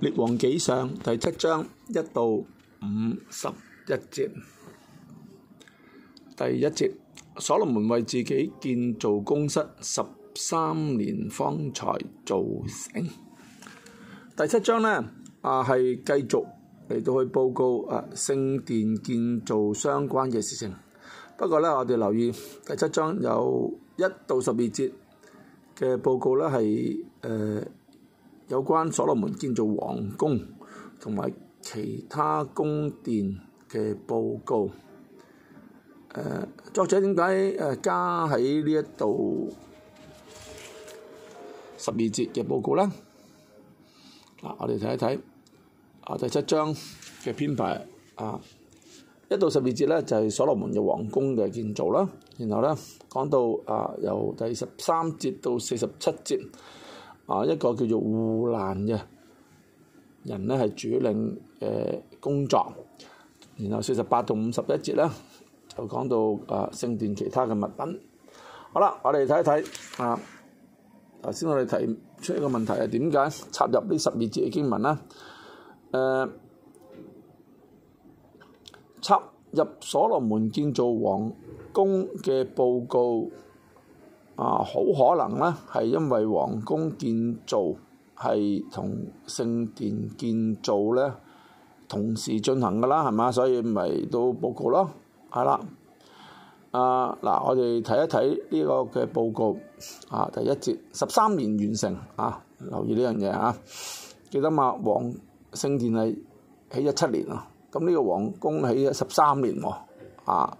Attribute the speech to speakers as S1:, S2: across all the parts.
S1: 列王記上第七章一到五十一節，第一節，所羅門為自己建造宮室，十三年方才造成。第七章呢，啊係繼續嚟到去報告啊聖殿建造相關嘅事情。不過呢，我哋留意第七章有一到十二節嘅報告呢係誒，有關所羅門建造王宮同埋其他宮殿嘅報告，誒作者點解誒加喺呢一度十二節嘅報告啦？啊，我哋睇一睇啊，第七章嘅編排啊，一到十二節咧就係所羅門嘅王宮嘅建造啦，然後咧講到啊由第十三節到四十七節。啊，一個叫做戶蘭嘅人咧，係主領誒工作。然後四十八到五十一節咧，就講到啊聖殿其他嘅物品。好啦，我哋睇一睇啊。頭先我哋提出一個問題係點解插入呢十二節嘅經文啦？誒，插入所羅門建造王宮嘅報告。啊，好可能咧，係因為皇宮建造係同聖殿建造咧同時進行㗎啦，係嘛？所以咪到報告咯，係啦。啊，嗱，我哋睇一睇呢個嘅報告啊，第一節，十三年完成啊，留意呢樣嘢啊。記得嘛，皇聖殿係起一七年啊，咁呢個皇宮起咗十三年喎。啊，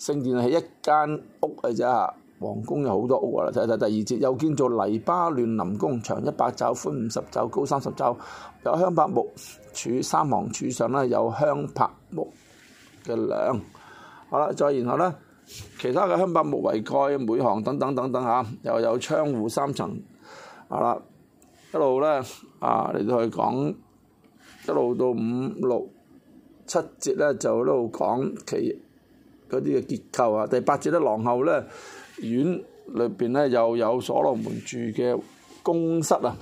S1: 聖殿係一間屋嘅啫。王宮有好多屋啦，睇睇第二節，又建造黎巴嫩林宮，長一百肘，寬五十肘，高三十肘，有香柏木柱三行，柱上啦，有香柏木嘅梁。好啦，再然後咧，其他嘅香柏木為蓋，每行等等等等嚇、啊，又有窗戶三層。好啦，一路咧啊嚟到去講，一路到五六七節咧就一路講其嗰啲嘅結構啊。第八節咧，廊後咧。院裏邊咧又有所羅門住嘅宮室啊，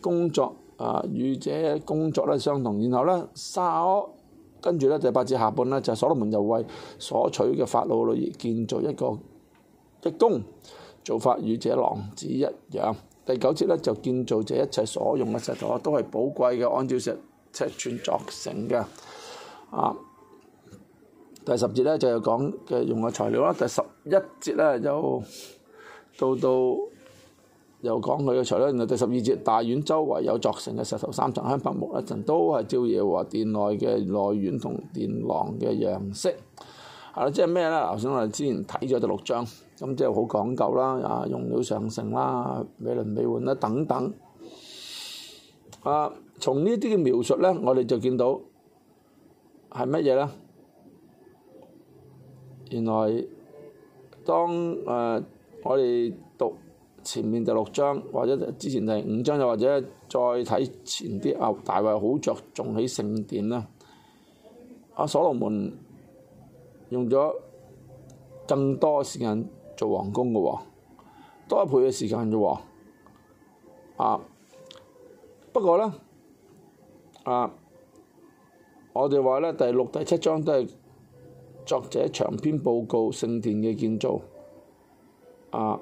S1: 工作啊與者工作咧相同。然後咧沙窩，跟住咧第八節下半咧就係、所羅門就為所娶嘅法老女建造一個一宮，做法與者廊子一樣。第九節咧就建造者一切所用嘅石頭啊，都係寶貴嘅，按照石尺寸作成嘅啊。第十節咧就係講嘅用嘅材料啦。第十一節咧就到到又講佢嘅材料。然後第十二節，大院周圍有鑿成嘅石頭三層，香柏木一層，都係照耶和殿內嘅內院同殿廊嘅樣式。係、啊、啦，即係咩咧？頭先我哋之前睇咗第六章，咁即係好講究啦。啊，用料上乘啦，美輪美奐啦等等。啊，從呢啲嘅描述咧，我哋就見到係乜嘢咧？原來當誒、呃、我哋讀前面第六章，或者之前第五章，又或者再睇前啲啊，大衛好着重起聖殿啦。啊，所羅門用咗更多時間做王宮嘅喎，多一倍嘅時間啫喎。啊，不過咧，啊，我哋話咧，第六、第七章都係。作者長篇報告聖殿嘅建造，啊，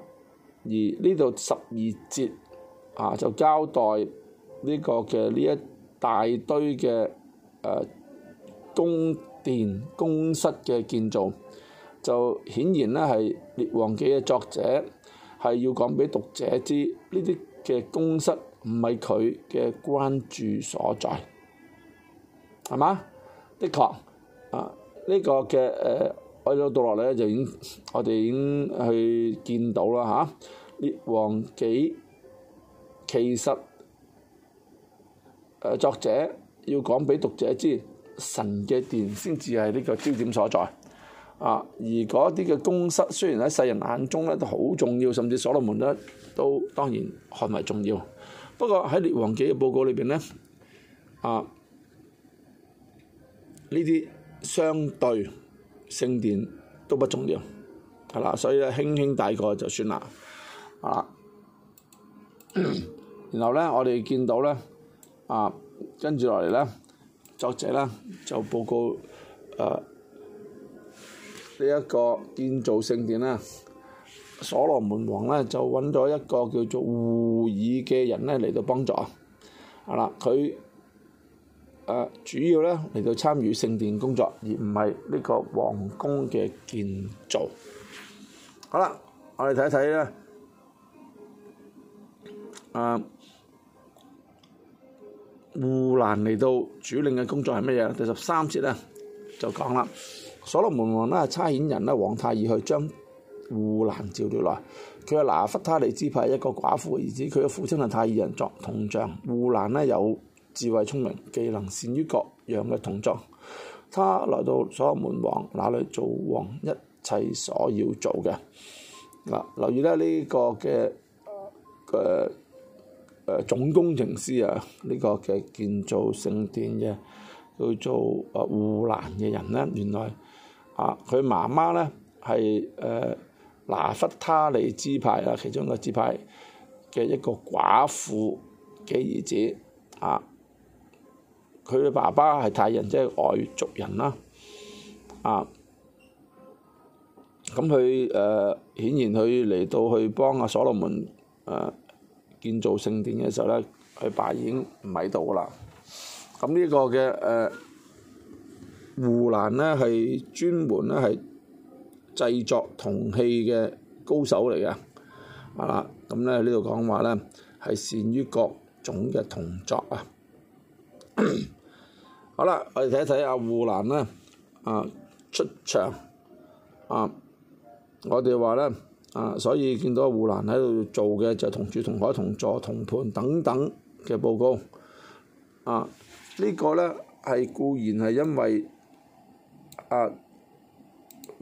S1: 而呢度十二節啊就交代呢個嘅呢一大堆嘅誒宮殿宮室嘅建造，就顯然咧係《列王記》嘅作者係要講俾讀者知，呢啲嘅宮室唔係佢嘅關注所在，係嘛？的確，啊。呢、這個嘅誒、呃，我哋落嚟就已經，我哋已經去見到啦嚇、啊。列王紀其實、呃、作者要講俾讀者知，神嘅殿先至係呢個焦點所在。啊，而嗰啲嘅宮室雖然喺世人眼中咧都好重要，甚至所羅門咧都當然看為重要。不過喺列王紀嘅報告裏邊咧，啊呢啲。相對聖殿都不重要，係啦，所以咧輕輕帶過就算啦，係啦，然後咧我哋見到咧，啊跟住落嚟咧，作者咧就報告誒呢一個建造聖殿咧，所羅門王咧就揾咗一個叫做戶耳嘅人咧嚟到幫助，係啦佢。主要咧嚟到參與聖殿工作，而唔係呢個王宮嘅建造。好啦，我哋睇一睇咧，啊，戶蘭嚟到主領嘅工作係乜嘢？第十三節咧就講啦，所羅門王咧差遣人呢，往太爾去將戶蘭召了來。佢係拿弗他利支派一個寡婦嘅兒子，佢嘅父親係太爾人作銅匠，作銅匠。戶蘭呢有智慧聰明，技能善於各樣嘅動作，他來到所羅門王那裏做王一切所要做嘅嗱、啊。留意咧呢、這個嘅嘅誒總工程師啊，呢、這個嘅建造聖殿嘅叫做啊戶蘭嘅人咧，原來啊佢媽媽咧係誒拿弗他利支派啊其中嘅支派嘅一個寡婦嘅兒子啊。佢嘅爸爸係泰人，即係外族人啦。啊，咁佢誒顯然佢嚟到去幫阿所羅門誒、啊、建造聖殿嘅時候咧，佢爸已經唔喺度啦。咁、呃、呢個嘅誒戶蘭咧係專門咧係製作銅器嘅高手嚟嘅，係、啊、啦。咁咧呢度講話咧係善於各種嘅銅作啊！好啦，我哋睇一睇阿戶蘭呢，啊出場啊，我哋話呢啊，所以見到戶蘭喺度做嘅就同住同海同坐同盤等等嘅報告啊，呢個呢係固然係因為啊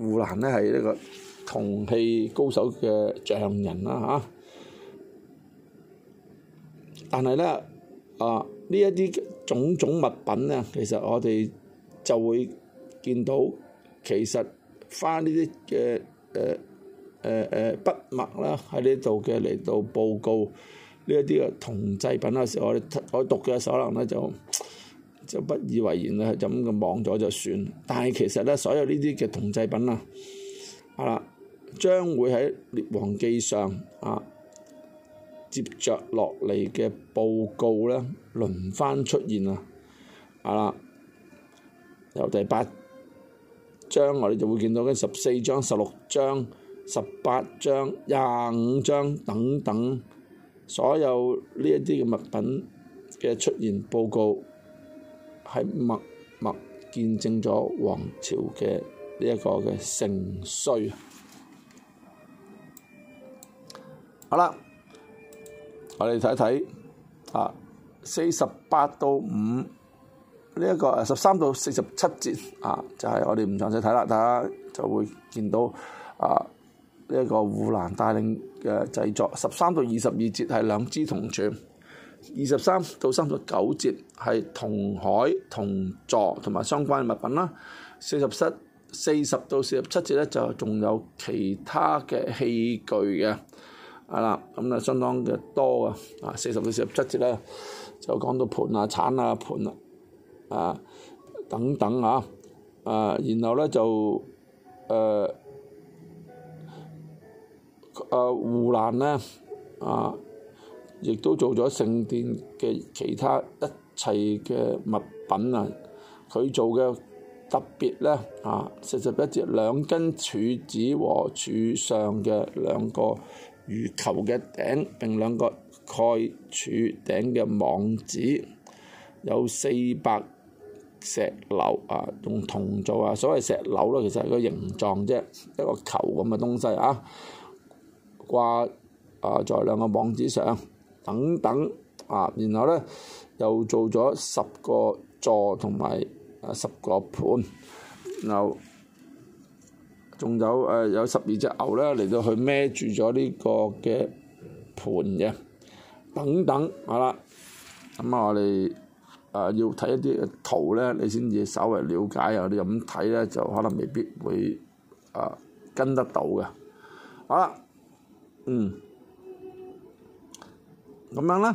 S1: 戶蘭呢係呢個銅器高手嘅匠人啦吓，但係呢啊呢一啲。種種物品咧，其實我哋就會見到，其實翻呢啲嘅誒誒誒筆墨啦，喺呢度嘅嚟到報告呢一啲嘅銅製品嘅時候，我我讀嘅可能咧就就不以為然啦，就咁嘅忘咗就算。但係其實咧，所有呢啲嘅銅製品啊，係啦，將會喺《列王記》上啊。接着落嚟嘅報告咧，輪番出現啊！啊啦，由第八章我哋就會見到跟十四章、十六章、十八章、廿五章等等，所有呢一啲嘅物品嘅出現報告，喺默默見證咗皇朝嘅呢一個嘅盛衰。好啦。我哋睇一睇，啊，四十八到五呢一個誒十三到四十七節啊，就係、是、我哋唔詳細睇啦，大家就會見到啊呢一、這個戶蘭帶領嘅製作。十三到二十二節係兩支銅柱，二十三到三十九節係銅海、銅座同埋相關嘅物品啦。四十七四十到四十七節咧就仲有其他嘅器具嘅。啊、嗯、啦，咁啊相當嘅多啊！啊，四十到四十七節咧，就講到盤啊、鏟啊、盤啦、啊，啊等等啊，啊，然後咧就誒誒、呃啊、戶蘭咧啊，亦都做咗聖殿嘅其他一切嘅物品啊。佢做嘅特別咧啊，四十一節兩根柱子和柱上嘅兩個，如球嘅頂，並兩個蓋柱頂嘅網子，有四百石榴啊，用銅做啊，所謂石榴啦，其實係個形狀啫，一個球咁嘅東西啊，掛啊在兩個網子上，等等啊，然後咧又做咗十個座同埋啊十個盤，然後。仲有誒有十二隻牛咧嚟到去孭住咗呢個嘅盤嘅，等等，好啦，咁啊我哋誒、呃、要睇一啲圖咧，你先至稍為了解啊！你咁睇咧就可能未必會啊、呃、跟得到嘅。好啦，嗯，咁樣啦，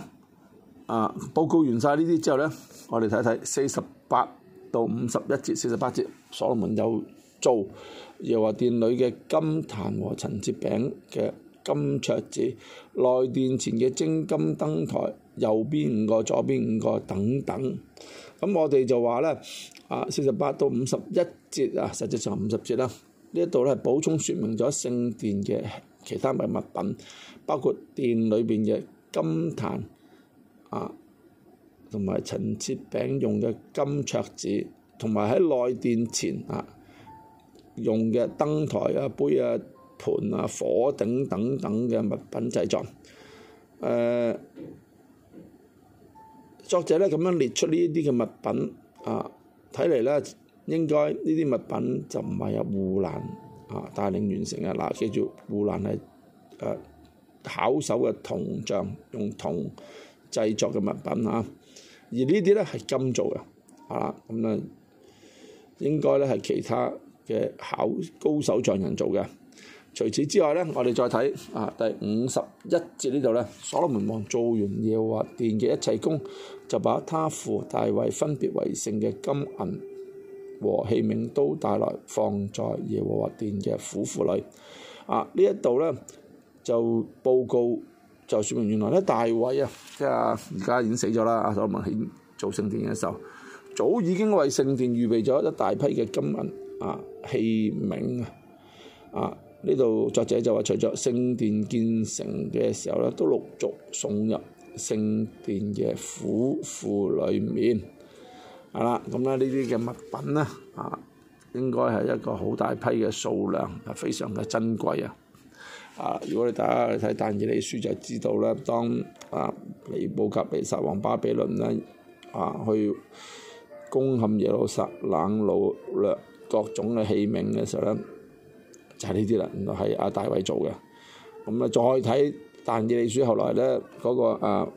S1: 啊、呃、報告完晒呢啲之後咧，我哋睇睇四十八到五十一節，四十八節所羅門有。做又話殿裏嘅金壇和陳設餅嘅金桌子，內殿前嘅精金燈台右邊五個，左邊五個等等。咁我哋就話呢，啊，四十八到五十一節啊，實際上五十節啦。呢度呢，補充説明咗聖殿嘅其他物品，包括殿裏邊嘅金壇啊，同埋陳設餅用嘅金桌子，同埋喺內殿前啊。用嘅燈台啊、杯啊、盤啊、火頂等等嘅物品製作。誒、呃，作者咧咁樣列出呢啲嘅物品啊，睇嚟咧應該呢啲物品就唔係由胡蘭啊帶領完成嘅。嗱、啊，記住胡蘭係誒巧手嘅銅匠，用銅製作嘅物品啊，而呢啲咧係金做嘅啊，咁啊應該咧係其他。嘅考高手匠人做嘅。除此之外咧，我哋再睇啊第五十一節呢度咧，所羅門王做完耶和華殿嘅一切工，就把他父大衛分別為聖嘅金銀和器皿都帶來放在耶和華殿嘅府庫裏。啊，呢一度咧就報告就説明原來咧大衛啊，即係而家已經死咗啦，阿所羅門起做聖殿嘅時候，早已經為聖殿預備咗一大批嘅金銀。啊器皿啊！啊呢度作者就話，隨著聖殿建成嘅時候咧，都陸續送入聖殿嘅府庫裏面係啦。咁咧呢啲嘅物品咧啊，應該係一個好大批嘅數量，係、啊、非常嘅珍貴啊！啊，如果你大家去睇但以理書，就知道咧，當啊尼布甲尼撒王巴比倫咧啊去攻陷耶路撒冷擄掠，各種嘅器皿嘅時候咧，就係呢啲啦。原來係阿大衛做嘅。咁啊，再睇但以理書，後來咧嗰個啊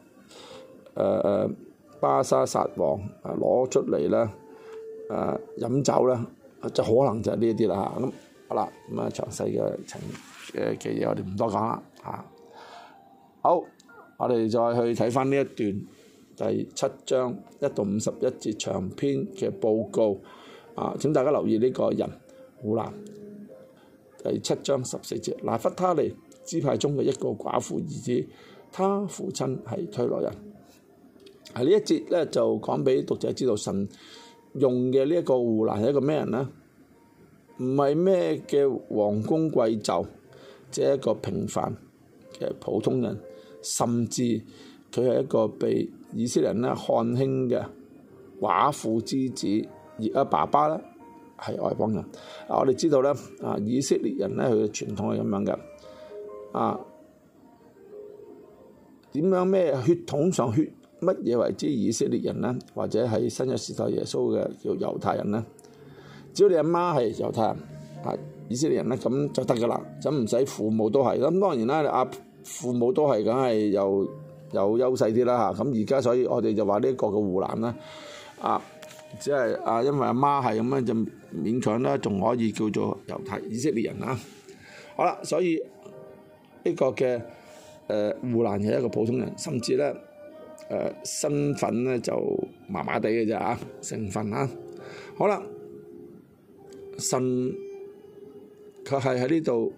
S1: 誒誒巴沙撒王啊攞出嚟咧，誒飲酒咧，即係可能就係呢啲啦。咁好啦，咁啊詳細嘅情誒嘅嘢，我哋唔多講啦。嚇，好，我哋再去睇翻呢一段第七章一到五十一節長篇嘅報告。啊！請大家留意呢個人，戶蘭第七章十四節，拿弗他利支派中嘅一個寡婦兒子，他父親係推羅人。啊！呢一節咧就講俾讀者知道，神用嘅呢一個戶蘭係一個咩人呢？唔係咩嘅王公貴胄，即係一個平凡嘅普通人，甚至佢係一個被以色列人咧看輕嘅寡婦之子。而阿爸爸咧係外邦人，啊我哋知道咧，啊以色列人咧佢嘅傳統係咁樣嘅，啊點樣咩血統上血乜嘢為之以色列人咧？或者喺新約時代耶穌嘅叫猶太人咧？只要你阿媽係猶太人，係以色列人咧，咁就得噶啦，咁唔使父母都係。咁當然啦，阿父母都係梗係有有優勢啲啦嚇。咁而家所以我哋就話呢一個嘅護欄咧，啊～只係啊，因為阿媽係咁樣就勉強啦，仲可以叫做猶太以色列人啦。好啦，所以呢個嘅誒戶蘭係一個普通人，甚至咧誒、呃、身份咧就麻麻地嘅啫啊成分啊。好啦，神佢係喺呢度，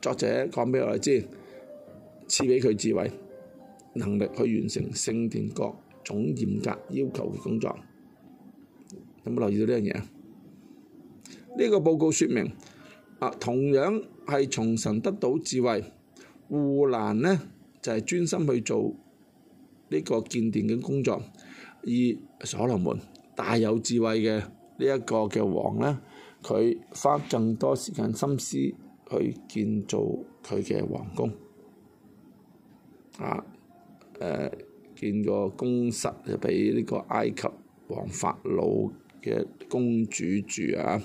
S1: 作者講俾我哋知，賜俾佢智慧能力去完成聖殿各種嚴格要求嘅工作。有冇留意到呢樣嘢？呢個報告說明啊，同樣係從神得到智慧，戶蘭呢就係、是、專心去做呢個建殿嘅工作，而所羅門大有智慧嘅呢一個嘅王呢，佢花更多時間心思去建造佢嘅皇宮啊！誒、呃，建個宮室畀呢個埃及王法老嘅公主住啊，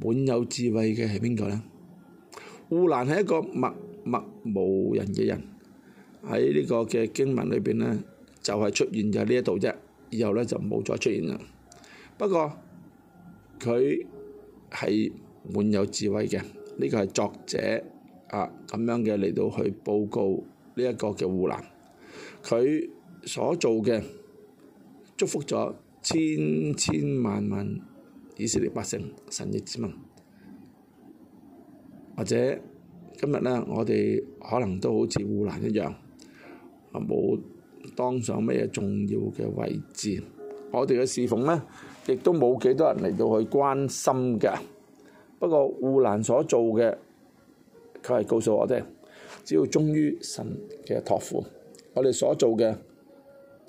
S1: 滿有智慧嘅係邊個呢？戶蘭係一個默默無人嘅人，喺呢個嘅經文裏邊呢，就係、是、出現咗呢一度啫，以後呢就冇再出現啦。不過佢係滿有智慧嘅，呢、這個係作者啊咁樣嘅嚟到去報告呢一個嘅戶蘭，佢所做嘅。祝福咗千千萬萬以色列百姓、神嘅子民，或者今日咧，我哋可能都好似戶蘭一樣，冇當上咩重要嘅位置。我哋嘅侍奉咧，亦都冇幾多人嚟到去關心嘅。不過戶蘭所做嘅，佢係告訴我哋，只要忠於神嘅託付，我哋所做嘅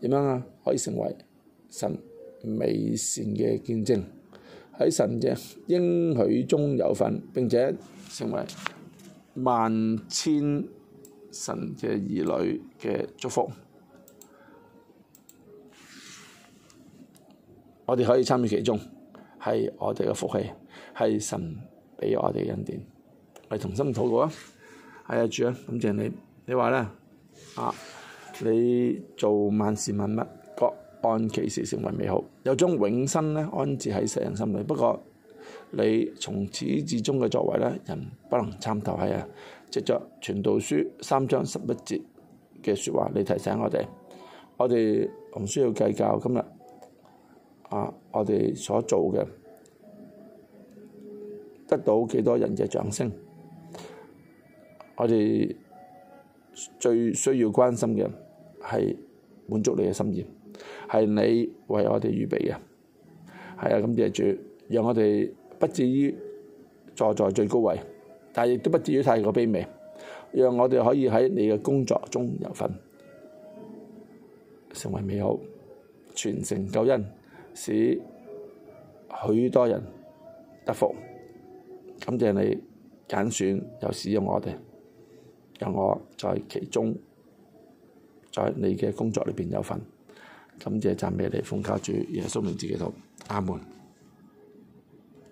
S1: 點樣啊，可以成為神美善嘅見證，喺神嘅應許中有份，並且成為萬千神嘅兒女嘅祝福。我哋可以參與其中，係我哋嘅福氣，係神畀我哋嘅恩典。我哋同心禱告啊！係、哎、啊，主啊，感謝你，你話咧啊，你做萬事萬物。按其時成為美好，又將永生咧安置喺世人心裡。不過你從始至終嘅作為咧，人不能參透。係啊，藉著傳道書三章十一節嘅説話，你提醒我哋，我哋唔需要計較今日啊，我哋所做嘅得到幾多人嘅掌聲，我哋最需要關心嘅係滿足你嘅心願。係你為我哋預備嘅，係啊！感謝主，讓我哋不至於坐在最高位，但亦都不至於太過卑微，讓我哋可以喺你嘅工作中有份，成為美好，傳承救恩，使許多人得福。感謝你揀選又使用我哋，讓我在其中，在你嘅工作裏邊有份。感謝讚美嚟奉靠主，耶穌名字基督，阿門。